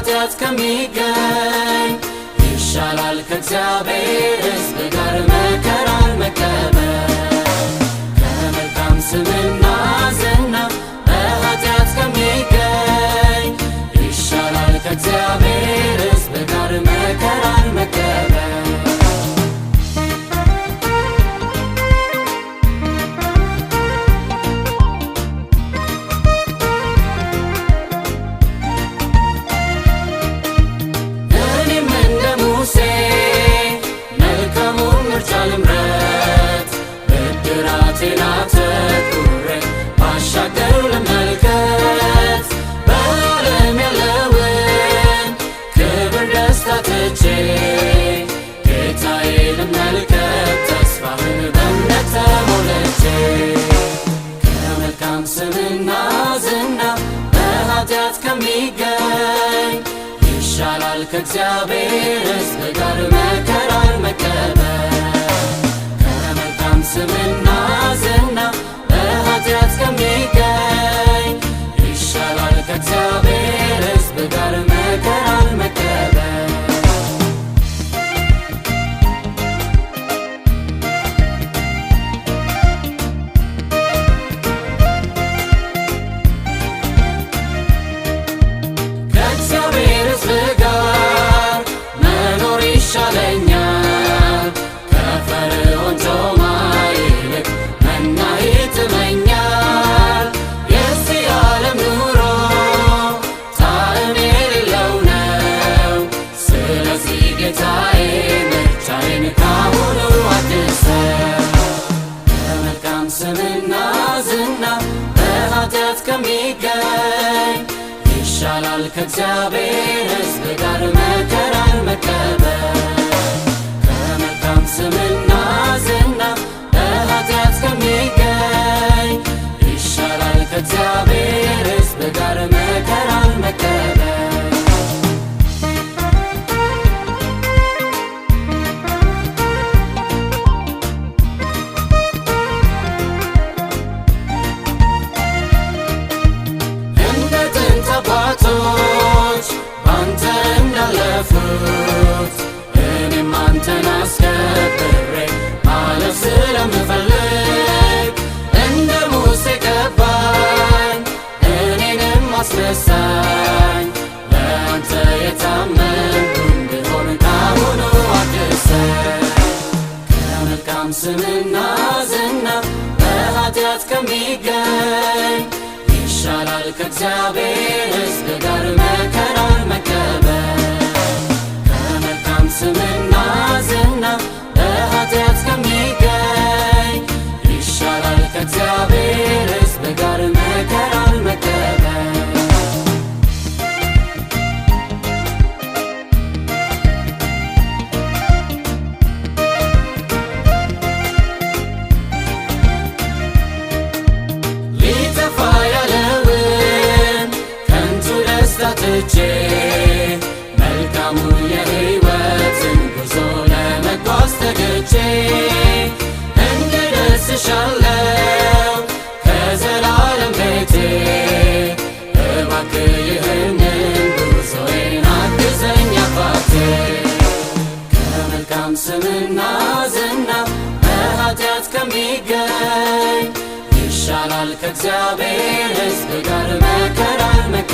ኃጢአት ከሚገኝ ይሻላል ከእግዚአብሔር ሕዝብ ጋር መከራን ይበልጣል ከእግዚአብሔርስ በጋር መከራን መቀበል ከመልካም ስምና ዝና በኃጢአት ዝና በኃጢአት ከሚገኝ ይሻላል ከእግዚአብሔር ሕዝብ ጋር መከራን መቀበል የሚገኝ ይሻላል ከእግዚአብሔር እስከ ጋር ሰጥቼ መልካሙ የህይወትን ጉዞ ለመጓዝ ተገቼ እንደደስሻለው ከዘላለም ቤቴ እባክህ ይህንን ጉዞዬን አግዘኝ አባቴ ከመልካም ስምና ዝና በኃጢአት ከሚገኝ ይሻላል ከእግዚአብሔር ሕዝብ ጋር መከራል